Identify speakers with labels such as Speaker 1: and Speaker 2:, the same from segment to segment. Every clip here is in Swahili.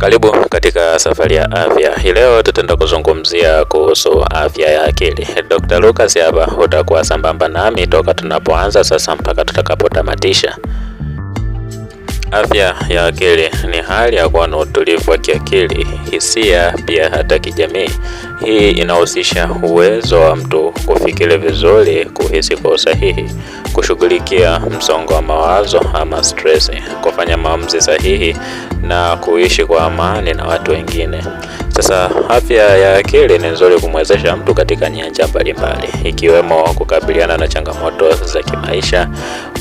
Speaker 1: Karibu katika safari ya afya. Hii leo tutaenda kuzungumzia kuhusu afya ya akili. Dr. Lucas hapa utakuwa sambamba nami toka tunapoanza sasa mpaka tutakapotamatisha. Afya ya akili ni hali ya kuwa na utulivu wa kiakili, hisia, pia hata kijamii. Hii inahusisha uwezo wa mtu kufikiri vizuri, kuhisi kwa usahihi, kushughulikia msongo wa mawazo ama stress, kufanya maamuzi sahihi na kuishi kwa amani na watu wengine. Sasa afya ya akili ni nzuri kumwezesha mtu katika nyanja mbalimbali ikiwemo kukabiliana na changamoto za kimaisha,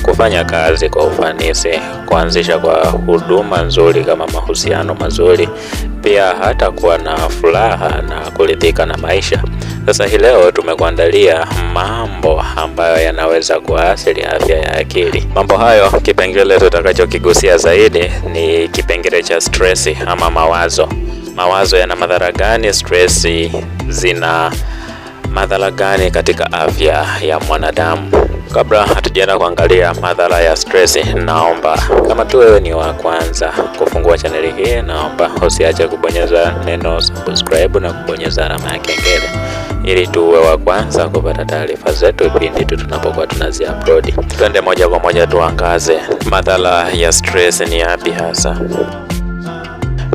Speaker 1: kufanya kazi kwa ufanisi, kuanzisha kwa huduma nzuri kama mahusiano mazuri, pia hata kuwa na furaha na kuridhika na maisha. Sasa hii leo tumekuandalia mambo ambayo yanaweza kuathiri afya ya akili. Mambo hayo, kipengele tutakachokigusia zaidi ni kipengele cha stress ama mawazo. Mawazo yana madhara gani? Stress zina madhara gani katika afya ya mwanadamu? Kabla hatujaenda kuangalia madhara ya stress, naomba kama tu wewe ni wa kwanza kufungua chaneli hii, naomba usiache kubonyeza neno subscribe na kubonyeza alama ya kengele ili tuwe wa kwanza kupata taarifa zetu pindi tu tunapokuwa tunazi upload. Twende moja kwa moja tuangaze madhara ya stress ni yapi hasa.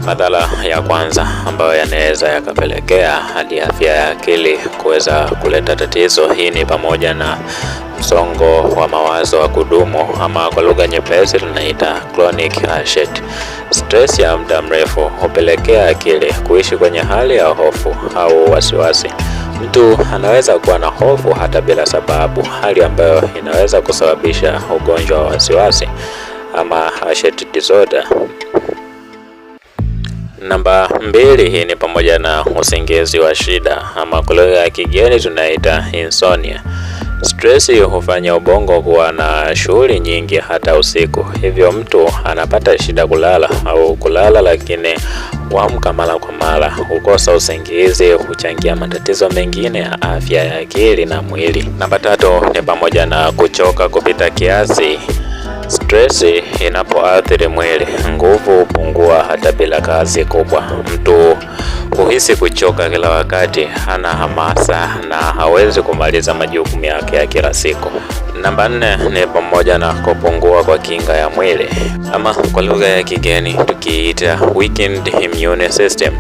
Speaker 1: Madhara ya kwanza ambayo yanaweza yakapelekea hali ya afya ya akili kuweza kuleta tatizo, hii ni pamoja na msongo wa mawazo wa kudumu, ama kwa lugha nyepesi tunaita chronic anxiety. Stress ya muda mrefu hupelekea akili kuishi kwenye hali ya hofu au wasiwasi wasi. Mtu anaweza kuwa na hofu hata bila sababu, hali ambayo inaweza kusababisha ugonjwa wa wasiwasi ama anxiety disorder. Namba mbili, hii ni pamoja na usingizi wa shida ama kwa lugha ya kigeni tunaita insomnia. Stress hufanya ubongo kuwa na shughuli nyingi hata usiku, hivyo mtu anapata shida kulala au kulala lakini kuamka mara kwa mara, hukosa usingizi, huchangia matatizo mengine ya afya ya akili na mwili. Namba tatu ni pamoja na kuchoka kupita kiasi. Stress inapoathiri mwili, nguvu hupungua hata bila kazi kubwa. Mtu huhisi kuchoka kila wakati, hana hamasa na hawezi kumaliza majukumu yake ya kila siku. Namba nne ni pamoja na kupungua kwa kinga ya mwili, ama kwa lugha ya kigeni tukiita weakened immune system.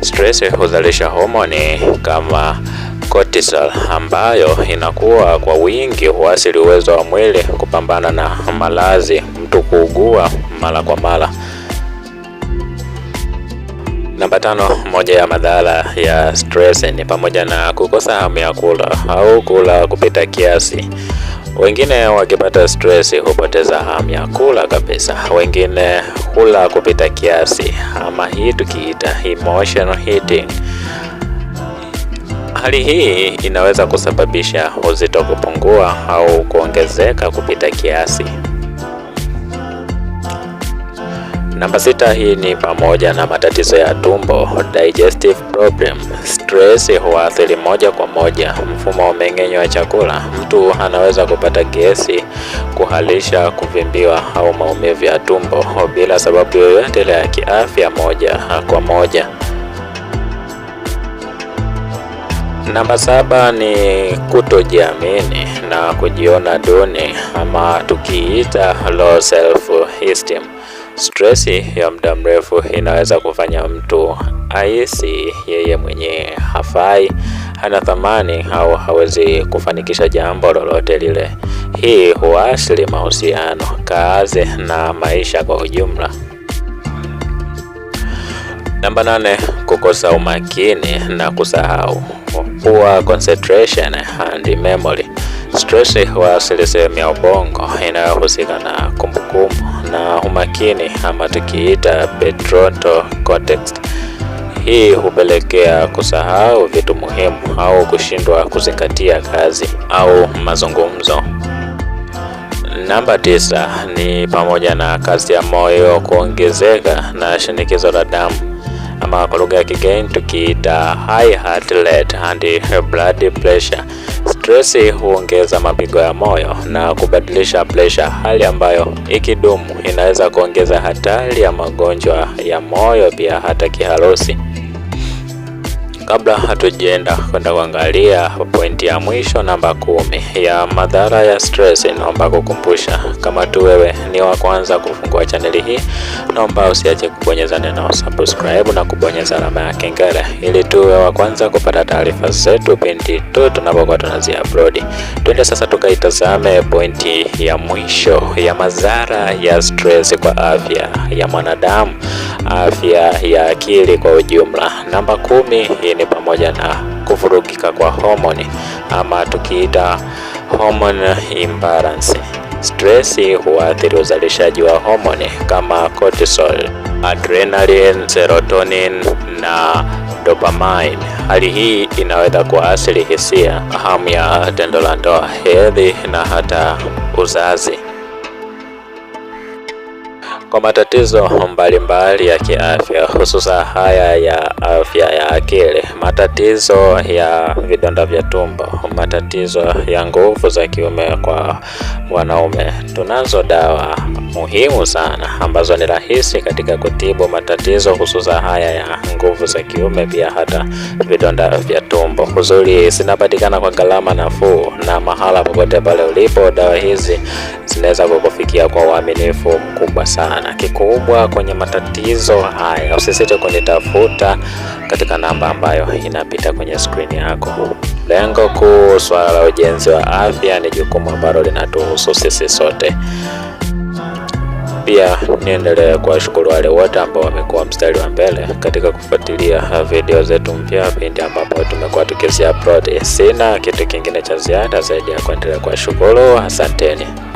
Speaker 1: Stress huzalisha homoni kama cortisol ambayo inakuwa kwa wingi huathiri uwezo wa mwili kupambana na maradhi, mtu kuugua mara kwa mara. Namba tano, moja ya madhara ya stress ni pamoja na kukosa hamu ya kula au kula kupita kiasi. Wengine wakipata stress hupoteza hamu ya kula kabisa. Wengine kula kupita kiasi ama hii tukiita emotional eating. Hali hii inaweza kusababisha uzito kupungua au kuongezeka kupita kiasi. Namba sita, hii ni pamoja na matatizo ya tumbo, digestive problem. Stress huathiri moja kwa moja mfumo wa mmeng'enyo wa chakula. Mtu anaweza kupata gesi, kuharisha, kuvimbiwa au maumivu ya tumbo bila sababu yoyote ile ya kiafya moja kwa moja. Namba saba ni kutojiamini na kujiona duni ama tukiita low self esteem. Stress ya muda mrefu inaweza kufanya mtu ahisi yeye mwenye hafai, hana thamani au hawezi kufanikisha jambo lolote lile. Hii huathiri mahusiano, kazi na maisha kwa ujumla. Namba nane, kukosa umakini na kusahau poor concentration and memory. Stress huathiri sehemu ya ubongo inayohusika na kumbukumbu na umakini ama tukiita prefrontal cortex. Hii hupelekea kusahau vitu muhimu au kushindwa kuzingatia kazi au mazungumzo. Namba tisa ni pamoja na kasi ya moyo kuongezeka na shinikizo la damu ama kwa lugha ya kigeni tukiita high heart rate and blood pressure. Stress huongeza mapigo ya moyo na kubadilisha pressure, hali ambayo ikidumu inaweza kuongeza hatari ya magonjwa ya moyo, pia hata kiharusi kabla hatujaenda kwenda kuangalia pointi ya mwisho namba kumi ya madhara ya stress, naomba kukumbusha kama tu wewe ni wa kwanza kufungua chaneli hii, naomba usiache kubonyeza neno subscribe na kubonyeza alama ya kengele ili tuwe wa kwanza kupata taarifa zetu pindi tu tunapokuwa tunazi upload. Twende sasa tukaitazame pointi ya mwisho ya madhara ya stress kwa afya ya mwanadamu, afya ya akili kwa ujumla. Namba kumi ni pamoja na kuvurugika kwa homoni ama tukiita hormone imbalance. Stress huathiri uzalishaji wa homoni kama cortisol, adrenaline, serotonin na dopamine. Hali hii inaweza kuathiri hisia, hamu ya tendo la ndoa, hedhi na hata uzazi kwa matatizo mbalimbali mbali ya kiafya, hususa haya ya afya ya akili, matatizo ya vidonda vya tumbo, matatizo ya nguvu za kiume kwa wanaume. Tunazo dawa muhimu sana ambazo ni rahisi katika kutibu matatizo hususa haya ya nguvu za kiume, pia hata vidonda vya tumbo. Uzuri zinapatikana kwa gharama nafuu na mahala popote pale ulipo, dawa hizi zinaweza kukufikia kwa uaminifu mkubwa sana. Kikubwa kwenye matatizo haya, usisite kunitafuta katika namba ambayo inapita kwenye skrini yako. Lengo kuu, swala la ujenzi wa afya ni jukumu ambalo linatuhusu sisi sote. Pia niendelee kuwashukuru wale wote ambao wamekuwa mstari wa mbele katika kufuatilia video zetu mpya pindi ambapo tumekuwa tukizi upload. Sina kitu kingine cha ziada zaidi ya kuendelea kuwashukuru. Asanteni.